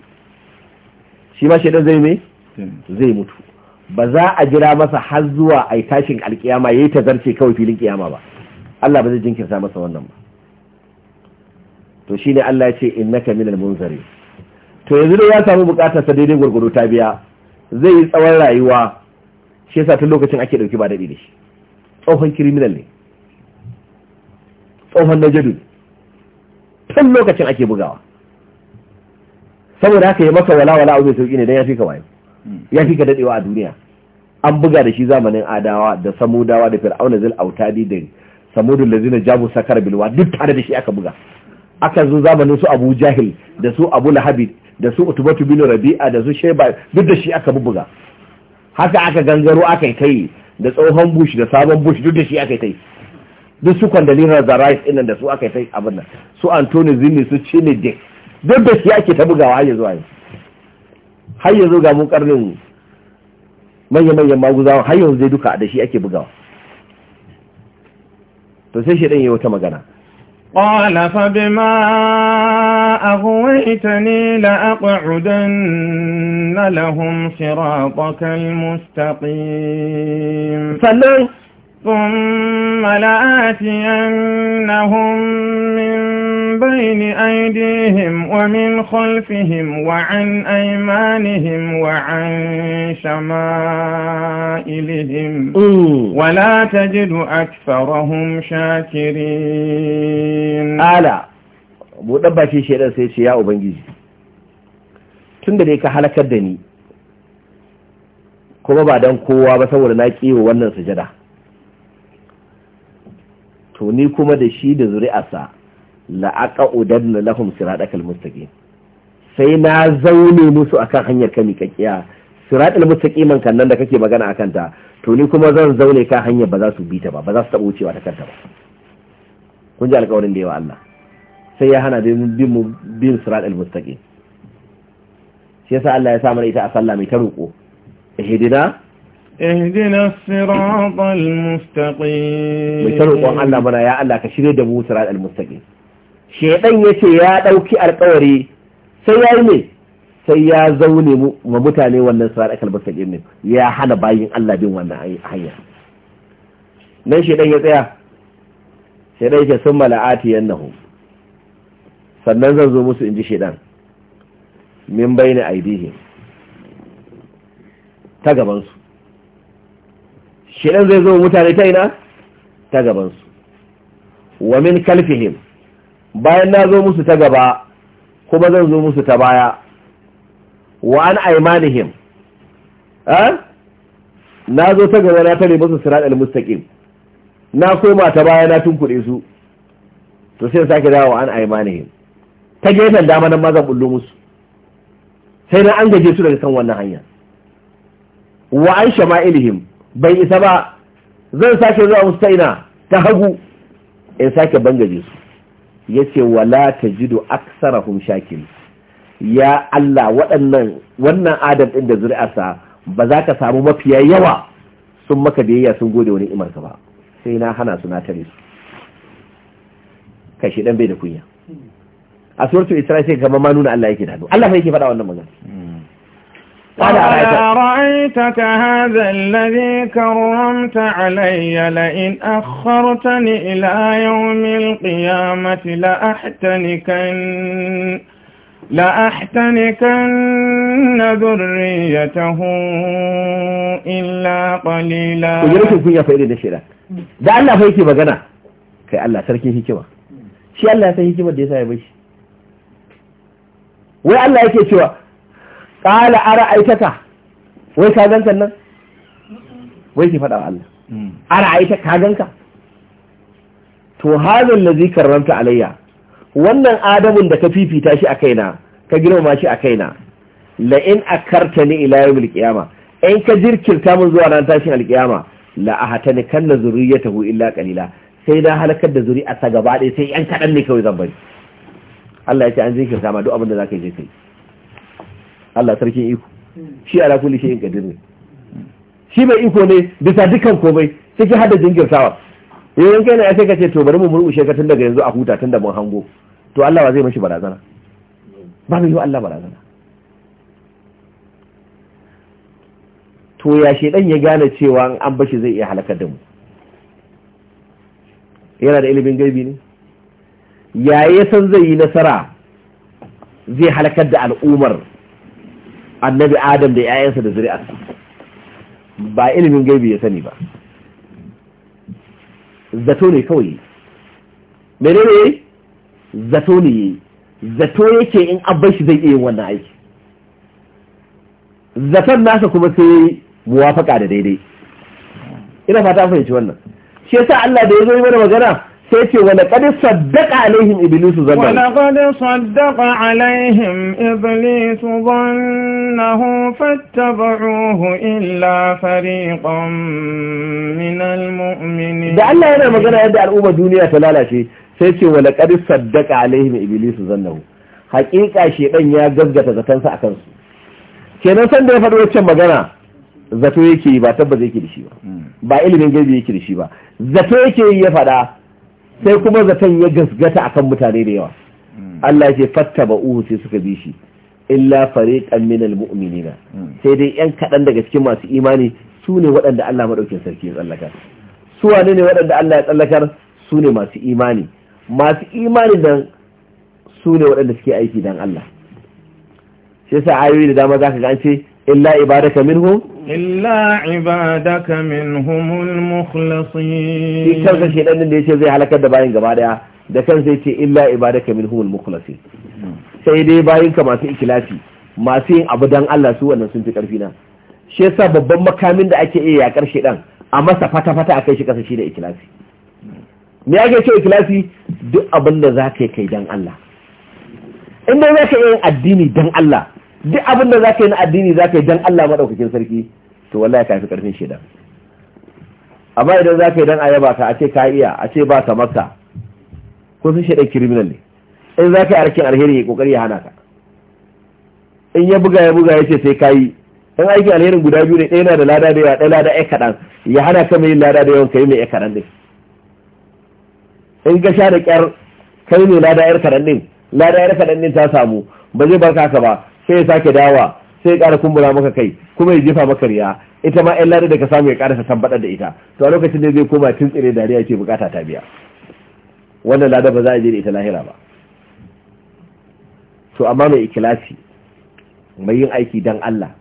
Speaker 1: shi ba shi dan zai mutu ba za a jira masa har zuwa ai tashin alkiyama yayi ta zarce kawai filin ƙiyama ba Allah ba zai jinkirta masa wannan ba to shine Allah ya ce innaka minal munzari to yanzu da ya samu bukatar sa daidai gurgudu ta biya zai yi tsawon rayuwa shi yasa tun lokacin ake dauki ba daɗi da shi tsohon criminal ne tsohon najadu tun lokacin ake bugawa saboda haka ya maka wala wala abu mai sauki ne dan ya fi ka wayo ya fi ka dadewa a duniya an buga da shi zamanin adawa da samudawa da fir'auna zil autadi da samudul lazina jabu sakar bilwa duk tare da shi aka buga aka zo zamanin su abu jahil da su abu lahabi da su utubatu bin rabi'a da su sheba duk da shi aka bubuga haka aka gangaro aka yi kai da tsohon bush da sabon bush duk da shi aka yi kai duk su kwandalina da rice ɗin da su aka yi kai abin nan su antoni zini su chile dick duk da shi ake ta bugawa har yanzu yanzu har yanzu ga mu karnin manya-manyan maguzawa har yanzu zai duka da shi ake bugawa to sai shi ɗin yi wata magana
Speaker 2: bi ma أغويتني لأقعدن لهم صراطك المستقيم فلن ثم لآتينهم من بين أيديهم ومن خلفهم وعن أيمانهم وعن شمائلهم ولا تجد أكثرهم شاكرين ألا buɗan
Speaker 1: bakin shaidan sai ce ya ubangiji
Speaker 2: tun da dai ka halakar
Speaker 1: da ni kuma ba dan kowa ba saboda na wa wannan sujada to ni kuma da shi da zuri'arsa la'aƙa udanna lahum siratakal mustaqim sai na zaune musu akan hanyar kami kakkiya siratal mustaqiman kan nan da kake magana akan ta to ni kuma zan zaune ka hanyar ba za su bi ta ba ba za su taɓa wucewa ta kanta ba kun ji alƙawarin da yawa Allah sai ya hana bin mu bin sirat al-mustaqim shi yasa Allah ya sa mana ita a sallah mai ta roko ihdina
Speaker 2: ihdina sirat al-mustaqim mai ta roƙon Allah
Speaker 1: mana ya Allah ka shirye da mu sirat al-mustaqim
Speaker 2: shedan yace ya
Speaker 1: dauki alƙawari sai ya yi ne sai ya zaune ma mutane wannan sirat al-mustaqim ne ya hana bayin Allah bin wannan hanya nan shedan ya tsaya shedan yake sun mala'ati yannahu sannan zan zo musu in ji shaidan min bayna aidihi ta gabansu shaidan zai zo mutane ta ina ta gabansu wa min kalfihim bayan na zo musu ta gaba kuma zan zo musu ta baya wa an aimanihim eh? na zo ta gaba na tare musu sirat al-mustaqim na koma ta baya na tunkuɗe su to sai sake dawo an aimanihim ta gefen dama nan ma zan bullo musu sai na an gaje su daga kan wannan hanya wa an ilhim bai isa ba zan sake zuwa musu ta ina ta hagu in sake bangaje su ya ce wala ta jido aksarahum shakin ya Allah waɗannan wannan adam ɗin da zuri'arsa ba za ka samu mafiya yawa sun maka biyayya sun gode wani imarka ba sai na hana su na tare su kashi ɗan bai da kunya a suratul isra sai kamar ma nuna Allah yake da hannu Allah fa yake faɗa wannan magana
Speaker 2: قال أرأيتك هذا الذي كرمت علي لئن أخرتني إلى يوم القيامة لأحتنكن لأحتنكن ذريته إلا قليلا وجريك الدنيا فإلي نشيرا ده
Speaker 1: الله فيكي مغنى كي الله سركي هكما شي الله سيكي bai shi. wai Allah yake cewa ƙala ara aitaka wai ka nan wai ke faɗa Allah hmm. ara aita ka ka? to na zikar ranta alayya wannan adamun da ka fifita shi a kaina ka girmama shi a kaina la in karta ni ila bilkiyama yan ka jirkirta mun zuwa ran tashin kan na zuri ya tahu illa ƙalila, sai na halakar da zuri'a ta gaba ɗaya sai yan kaɗan ne kawai zan bari Allah ya ce an jinkirta ma duk abin da zaka je kai Allah sarkin iko shi ala kulli shay'in qadir ne shi mai iko ne bisa dukkan komai sai hada jinkirtawa yayin eh, kai ne ya sai ka ce to bari mu murushe ka tun daga yanzu a huta tun da mun hango to Allah ba zai mishi barazana ba mai yi Allah barazana to ya shedan ya gane cewa an bashi zai iya halakar da mu yana da ilimin gaibi ne yaye san zai yi nasara zai halakar da al'umar annabi adam da 'ya'yansa da zuri'arsa ba ilimin gaibi ya sani ba zato ne kawai mene ne zato ne zato yake in abin shi zai iya wannan aiki zaton nasa kuma sai muwafaka da daidai ina fata fahimci wannan shi yasa Allah da ya zo yi mana magana sai ce wani kadi saddaka alaihim iblisu zanna wani
Speaker 2: kadi saddaka alaihim iblisu zannahu fattaba'uhu illa fariqan minal mu'minin da Allah yana magana
Speaker 1: yadda al'umma duniya ta lalace sai ce wani kadi saddaka alaihim iblisu zannahu hakika shedan ya gaggata zatansa a kansu kenan san da ya faɗo waccan magana zato yake ba tabbas yake da shi ba hmm. ba ilimin gabi yake da shi ba zato yake ya faɗa sai kuma zaton ya gasgata akan mutane da yawa hmm. Allah ya ce fatta uhu sai suka bi shi illa fariqan minal mu'minina hmm. sai dai yan kaɗan daga cikin masu imani su ne waɗanda Allah madaukin sarki ya tsallaka su wane ne waɗanda Allah ya tsallakar su ne masu imani masu imani dan su ne waɗanda suke aiki dan Allah sai sa ayoyi da dama zaka ga an ce إلا عبادك منهم
Speaker 2: إلا عبادك منهم المخلصين في كم شيء
Speaker 1: أن اللي يشوف على كده باين قبل ده كم شيء إلا عبادك منهم المخلصين سيدي باين كما في إكلاسي ما في أبدا الله سوى أن سنت كرفينا shi yasa babban makamin da ake iya yakar shi dan a masa fata-fata a kai shi kasa da ikilasi me ake ce ikilasi duk abinda zaka za ka yi kai dan Allah inda za ka yi addini dan Allah duk abin da zaka yi na addini zaka yi dan Allah madaukakin sarki to wallahi ka fi karfin shaidan amma idan zaka yi dan ayaba ka a ce ka iya a ce ba ka maka ko sun shaidan criminal ne in zaka yi arkin alheri ya kokari ya hana ka in ya buga ya buga ya ce sai ka yi in aikin alherin guda biyu ne ɗaya na da lada da yawa ɗaya lada ya kaɗan ya hana ka mai lada da yawan yi mai ya kaɗan ne in ka sha da ƙyar kai mai lada ya kaɗan ne lada ya kaɗan ne ta samu ba zai barka ka ba sai ya sake dawa sai ya ƙara kumbura maka kai kuma ya jefa maka riya ita ma 'yan lada da ka samu ya ƙara baɗar da ita to a lokacin da zai koma tun tsire dariya ce bukata ta biya wannan lada ba za a je da ita lahira ba to amma mai ikilasi mai yin aiki dan Allah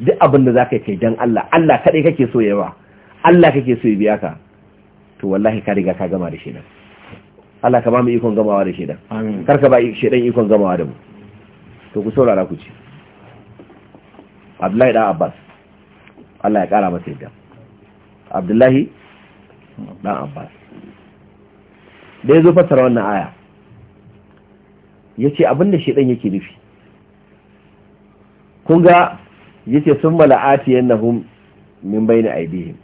Speaker 1: duk abin da zaka kai dan Allah Allah kadai kake so ya yawa Allah kake so ya biya ka to wallahi ka riga ka gama da shi nan Allah ka ba mu ikon gamawa da shi
Speaker 3: nan kar
Speaker 1: ka ba shi dan ikon gamawa da mu to ku saurara ku ce. abdullahi dan abbas Allah ya kara masa yadda abdullahi dan abbas da ya zo fassara wannan aya ya ce abinda shaidan yake nufi kun ga ya ce sun mala'ati yannahum min bayni aidihim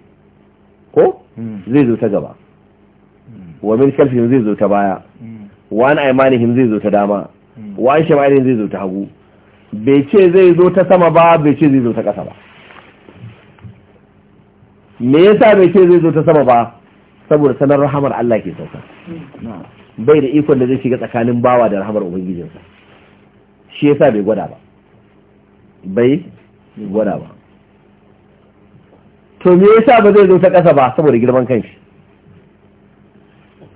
Speaker 1: ko hmm. zai zo ta gaba hmm. wa min kalfihim zai zo ta baya hmm. wa an aimanihim zai zo ta dama waye shi ma zai zo ta hagu bai ce zai zo ta sama ba bai ce zai zo ta ƙasa ba me yasa bai ce zai zo ta sama ba saboda sanar rahamar Allah ke sauka bai da ikon da zai shiga tsakanin bawa da rahamar ubangijinsa shi yasa bai gwada ba bai gwada ba to me yasa ba zai zo ta ƙasa ba saboda girman kanshi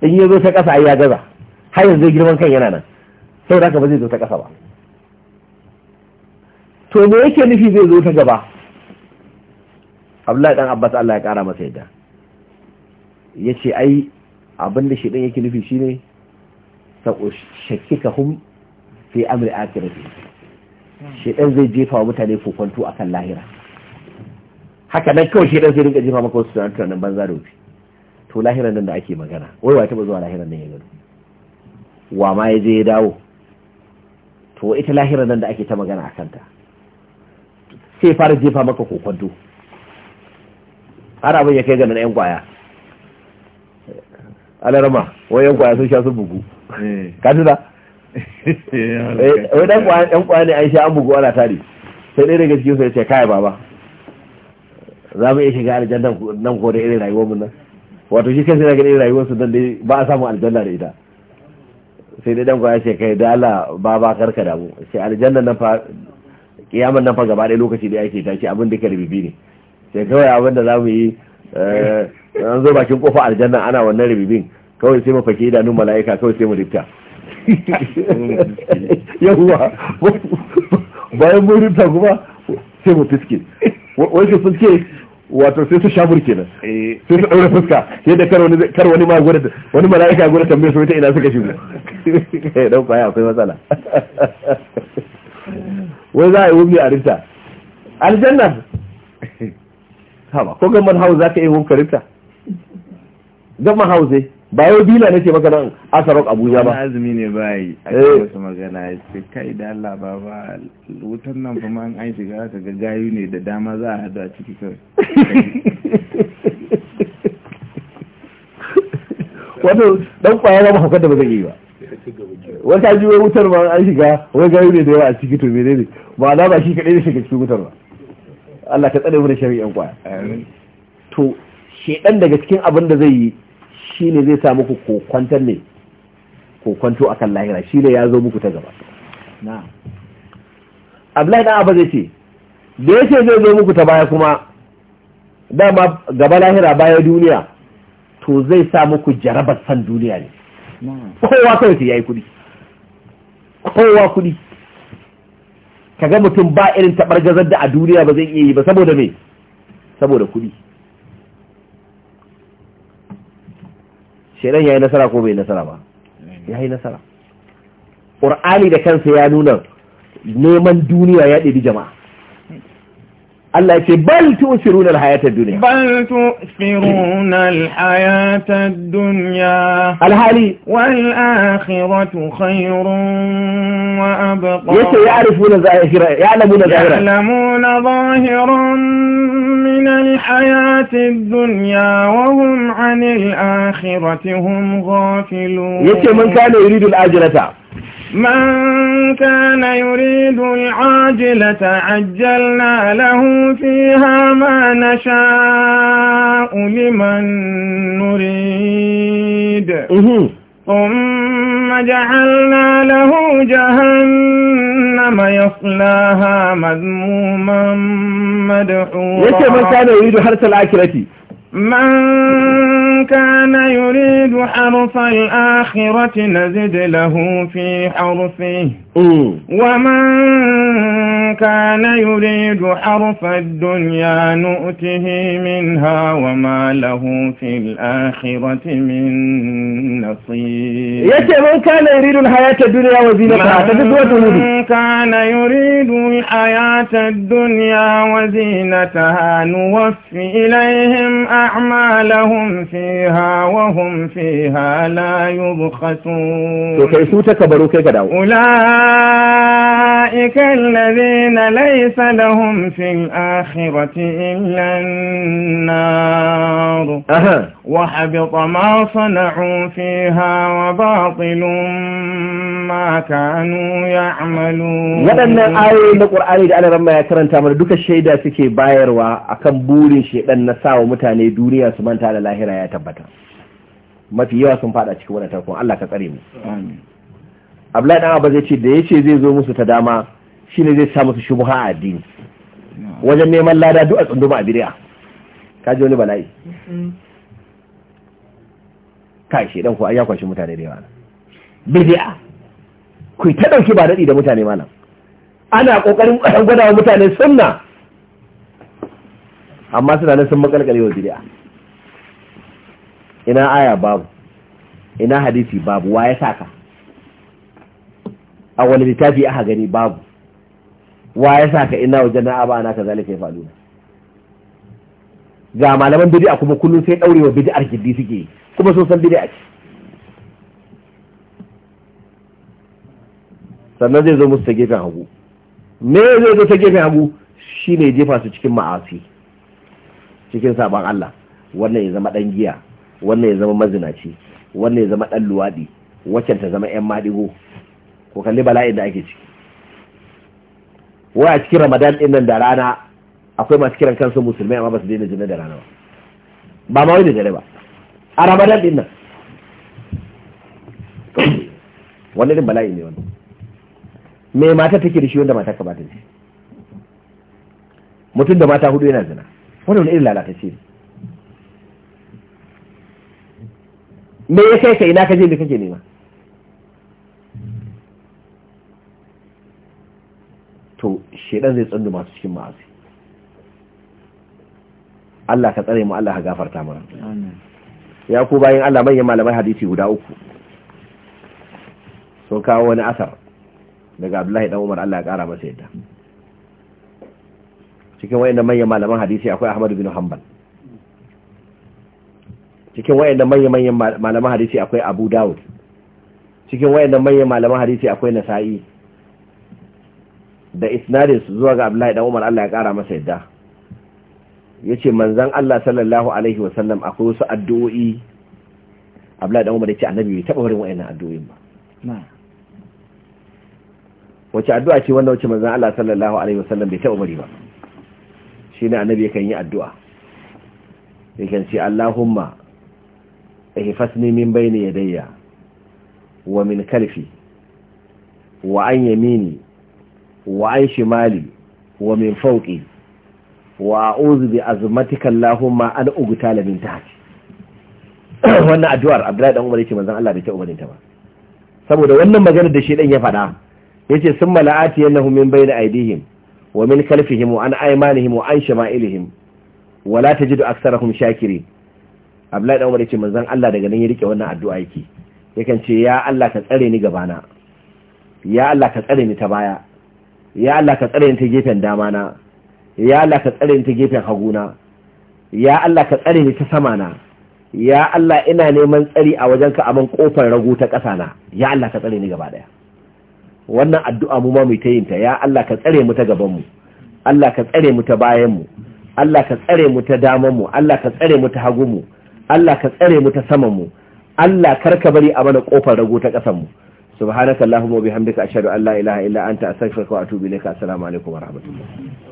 Speaker 1: in ya zo ta ƙasa ayi ya gaza har yanzu girman kan yana nan sau da ba zai zo ta ƙasa ba to me yake nufi zai zo ta gaba abdullahi dan abbas allah ya ƙara masa yadda ya ce ai abinda shi ɗin yake nufi shine shakika hum fi amri akirati shi ɗan zai jefa wa mutane kokonto akan kan lahira haka nan kawai shi ɗan zai rinka jefa maka wasu tunanin nan banza da wufi to lahiran nan da ake magana wai wa taɓa zuwa lahiran nan ya gano wa ma ya je ya dawo to ita lahira nan da ake ta magana a kanta sai fara jefa maka kokwado har abin ya kai ga nan yan kwaya alarama wani yan kwaya sun sha sun bugu eh. ka tuna eh, eh, wai dan kwaya ne an sha an bugu ana tare sai ɗaya daga cikin sai ce kai baba za mu iya shiga aljanna nan ko da irin rayuwar mu nan wato shi kansa yana irin rayuwar su dan dai ba a samu aljanna da ita sai dai dan ya ce kai da Allah ba ba karka damu sai aljanna nan fa kiyaman nan fa gaba ɗaya lokaci da ake tashi abin duka rububi ne sai kawai abin da zamu yi eh, an zo bakin kofa aljanna ana wannan rububin kawai sai mu fake idanun mala'ika kawai sai mu rifta yawwa bayan mun rifta kuma sai mu fiske wai su fiske wato sai su shabur kenan eh. sai su ɗaure fuska yadda kar wani kar wani ma gwada wani mala'ika gwada tambayar su wata ina suka shigo dan kwaya akwai matsala wai za a yi wumi a rinta aljanna haba ko gamar hau za ka yi wumka rinta gamar hau zai ba yau ne nake maka nan asarok abuja ba azumi ne ba yi a eh. wasu
Speaker 2: magana ya ce kai da Allah ba ba wutan nan fa ma an ga ka ga gayu ne da dama za a hada ciki kawai
Speaker 1: wato dan kwaya ba haka da ba zai yi ba wata ji wai wutar ma an shiga wai gari ne da yawa a cikin to menene ba na ba shi kaɗai ne shiga cikin wutar ba Allah ka tsare mu da shari'an kwaya to shedan daga cikin abin da zai yi shine zai sa muku kokwantar ne kokwanto akan lahira shine ya zo muku ta gaba na'am Abdullahi dan Abba zai ce da yace zai zo muku ta baya kuma dama gaba lahira baya duniya to zai sa muku jarabar san duniya
Speaker 3: ne
Speaker 1: kowa kawai ta yayi kudi kowa kuɗi kaga mutum ba irin taɓar gazar da a duniya ba zai iya yi ba saboda me saboda kuɗi shaidan ya yi nasara ko bai nasara ba ya yi nasara ƙur'ani da kansa ya nuna neman duniya ya ɗabi jama'a Allah ce bal tu'siruna al-hayata ad-dunya
Speaker 2: bal tu'siruna al-hayata ad-dunya al-hali wal akhiratu khayrun wa
Speaker 1: abqa yace ya'rifuna zahira ya'lamuna zahira
Speaker 2: ya'lamuna zahiran min al-hayati ad-dunya wa hum 'anil akhirati hum ghafilun yace man kana
Speaker 1: yuridu al-ajrata
Speaker 2: من كان يريد العاجلة عجلنا له فيها ما نشاء لمن نريد ثم جعلنا له جهنم يصلاها مذموما مدحورا من كان يريد حرس العاكرة من كان يريد حرف الآخرة نزد له في حرفه ومن كان يريد حرف الدنيا نؤته منها وما له في الآخرة من نصيب يتي من كان يريد الحياة الدنيا وزينتها من كان يريد الحياة الدنيا وزينتها نوفي إليهم أعمالهم فيها فيها وهم فيها لا يبخسون أولئك الذين ليس لهم في الآخرة إلا النار أه. وحبط ما صنعوا فيها وباطل ما كانوا يعملون na
Speaker 1: ƙur'ani da alaran ya karanta mana duka shaida suke bayarwa akan burin shedan na sawa mutane duniya su manta da lahira ya tabbata tabbata mafi yawa sun fada cikin wannan tarkon Allah ka tsare mu Abdullahi dan Abba zai ce da yace zai zo musu ta dama shine zai sa musu shubha a addini wajen neman lada duk a tsunduma a bidiya ka ji wani bala'i
Speaker 3: mm-hmm.
Speaker 1: kai dan ko ayya kwashi mutane da yawa bidiya ku ta dauki ba dadi da mutane malam ana kokarin gwada wa mutane sunna amma suna nan sun makalkale wa bid'a ina aya babu ina hadisi babu wa ya saka a wani littafi aka gani babu wa ya saka ina wajen na aba na kaza lafiya faluna ga malaman bid'a kuma kullum sai daurewa bid'ar gidi suke kuma sun san bid'a ce sannan zai zo musu ta gefen hagu me zai zo ta gefen hagu shi ne jefa su cikin ma'asi cikin saban Allah wannan ya zama ɗan giya wannan ya zama mazinaci wannan ya zama dan luwaɗi waccan ta zama yan maɗigo ko kalli bala'in da ake ciki wai a cikin ramadan din nan da rana akwai masu kiran kansu musulmai amma ba su daina jinna da rana ba ba ma wani dare ba a ramadan din nan wannan din bala'i ne wani mai mata take da shi wanda mata ka ce. mutum da mata hudu yana zina wannan wani irin ce ne me ya kai ka ina ka je da kake nema to shedan zai tsandu masu cikin ma'azi Allah ka tsare mu Allah ka gafarta mana ya ku bayin Allah manyan malamai hadisi guda uku so kawo wani asar daga Abdullahi dan Umar Allah ya kara masa yadda cikin wayannan manyan malaman hadisi akwai Ahmad bin Hanbal cikin wayanda manyan manyan malaman hadisi akwai Abu Dawud cikin wayanda manyan malaman hadisi akwai Nasa'i da isnadis zuwa ga Abdullahi dan Umar Allah ya kara masa yadda yace manzon Allah sallallahu alaihi wasallam akwai wasu addu'o'i Abdullahi dan Umar yace annabi ya taba barin wayannan addu'o'in ba wace addu'a ce wannan wace manzon Allah sallallahu alaihi wasallam bai taba bari ba shine annabi kan yi addu'a yakan ce Allahumma ihfasni min bayni yadayya wa min kalfi wa an yamini wa an shimali wa min fauki wa a'udhu bi azmatika allahumma an ugtala min tahti wannan addu'ar Abdullahi dan Umar yake manzon Allah bai ta ubarinta ba saboda wannan maganar da shi dan ya faɗa yace summa la'ati yanahum min bayni aydihim wa min khalfihim wa an aymanihim wa an shama'ilihim wa la tajidu aktharahum shakirin Abdullahi dan Umar yace manzon Allah daga nan ya rike wannan addu'a yake yakan ce ya Allah ka tsare ni gabana ya Allah ka tsare ni ta baya ya Allah ka tsare ni ta gefen dama na ya Allah ka tsare ni ta gefen hagu na ya Allah ka tsare ni ta sama na ya Allah ina neman tsari a wajen ka abin kofar ragu ta ƙasa na ya Allah ka tsare ni gaba daya wannan addu'a mu ma mu ta yin ta ya Allah ka tsare mu ta gaban mu Allah ka tsare mu ta bayan mu Allah ka tsare mu ta daman mu Allah ka tsare mu ta hagu mu Allah ka tsare mu ta saman mu Allah karka bari a mana kofar rago ta kasan mu subhanakallahumma wa bihamdika ashhadu an la ilaha illa anta astaghfiruka wa atubu ilaika assalamu alaikum wa rahmatullah